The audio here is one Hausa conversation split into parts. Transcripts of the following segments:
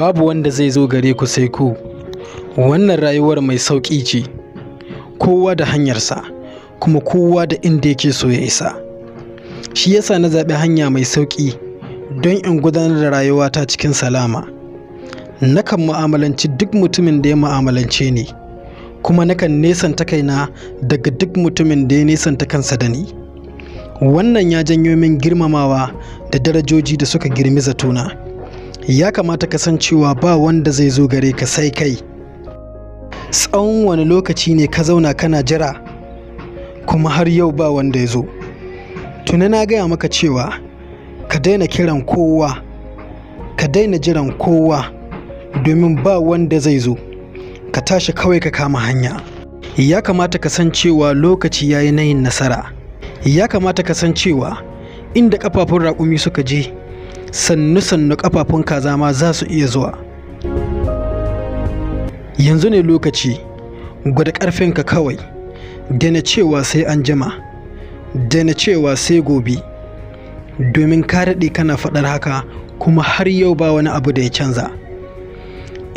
babu wanda zai zo gare ku sai ku wannan rayuwar mai sauƙi ce kowa da hanyarsa kuma kowa da inda yake so ya isa shi yasa na zaɓi hanya mai sauƙi don in gudanar da rayuwata cikin salama nakan ma'amalanci duk mutumin da ya mu'amalance ni kuma nakan nesanta kaina daga duk mutumin da ya nesanta kansa da ni wannan ya janyo min girmamawa da darajoji da suka girmi zatuna ya kamata kasancewa ba wanda zai zo gare ka sai kai tsawon wani lokaci ne ka zauna kana jira kuma har yau ba wanda ya zo Tuna na gaya maka cewa ka daina kiran kowa ka daina jiran kowa domin ba wanda zai zo ka tashi kawai ka kama hanya ya kamata ka cewa lokaci ya yi na yin nasara ya kamata ka san cewa inda kafafun raƙumi suka je sannu sannu kafafun kaza ma za su iya zuwa yanzu ne lokaci gwada ƙarfinka kawai dana cewa sai an jima daina cewa sai gobe domin ka daɗe kana faɗar haka kuma har yau ba wani abu da ya canza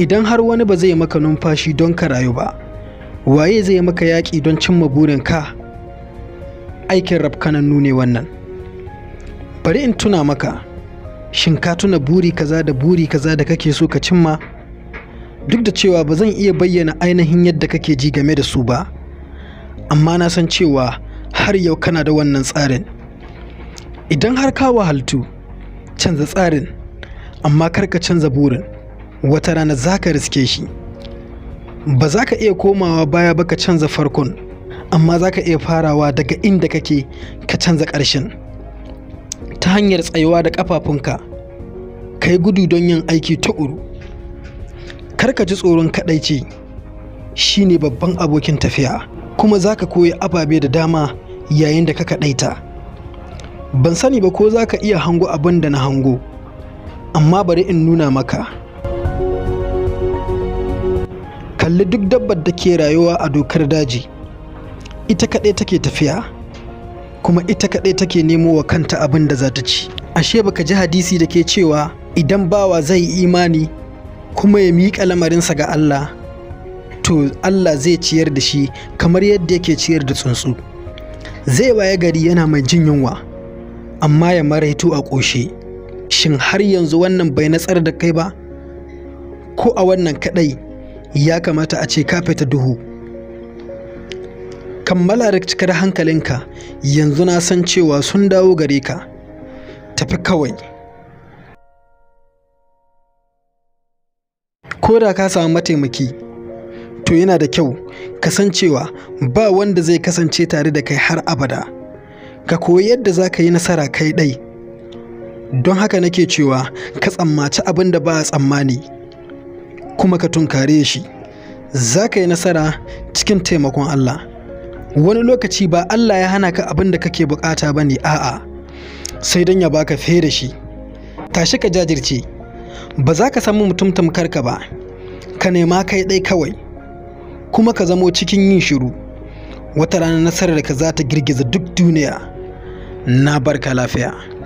idan har wani ba zai maka numfashi don ka rayu ba waye zai maka yaƙi don cimma ka? aikin rafkanannu ne wannan bari in tuna maka shin ka tuna buri kaza da buri kaza da kake so ka cimma duk da cewa ba zan iya bayyana ainihin yadda kake ji game da su ba amma na san cewa har yau kana da wannan tsarin idan har ka wahaltu canza tsarin amma kar ka canza burin wata rana za ka riske shi ba za ka iya komawa baya ba ka canza farkon amma za ka iya farawa daga inda kake ka canza ƙarshen ta hanyar tsayuwa da ƙafafunka ka yi gudu don yin aiki tuƙuru kar ka ji tsoron kaɗaici shi ne babban abokin tafiya kuma za ka koyi ababe da dama yayin da ka kaɗaita ban sani ba ko za ka iya hango abin da na hango amma bari in nuna maka kalli duk dabbar da ke rayuwa a dokar daji ita kaɗai take tafiya kuma ita kaɗai take nemo wa kanta abin da za ta ci ashe baka ji hadisi da ke cewa idan bawa zai imani kuma ya miƙa lamarinsa ga Allah to Allah zai ciyar da shi kamar yadda yake ciyar da tsuntsu zai waye gari yana mai jin yunwa amma ya maraitu a ƙoshe shin har yanzu wannan bai natsar da kai ba ko a wannan kaɗai ya kamata a ce ka duhu kammala da cikar hankalinka yanzu na san cewa sun dawo gare ka tafi kawai ko da ka samu mataimaki to yana da kyau kasancewa ba wanda zai kasance tare da kai har abada ka koyi yadda za ka yi nasara kai ɗai don haka nake cewa ka tsammaci abin da ba a tsammani kuma ka tunkare shi za ka yi nasara cikin taimakon Allah. wani lokaci ba Allah ya hana ka abin da kake bukata ba ne a'a sai don ya baka fiye da shi tashi ka jajirce ba za ka samu mutum tamkar ka ba ka nema kai ɗai kawai kuma ka zamo cikin yin shiru wata rana nasarar ka za ta girgiza duk duniya na barka lafiya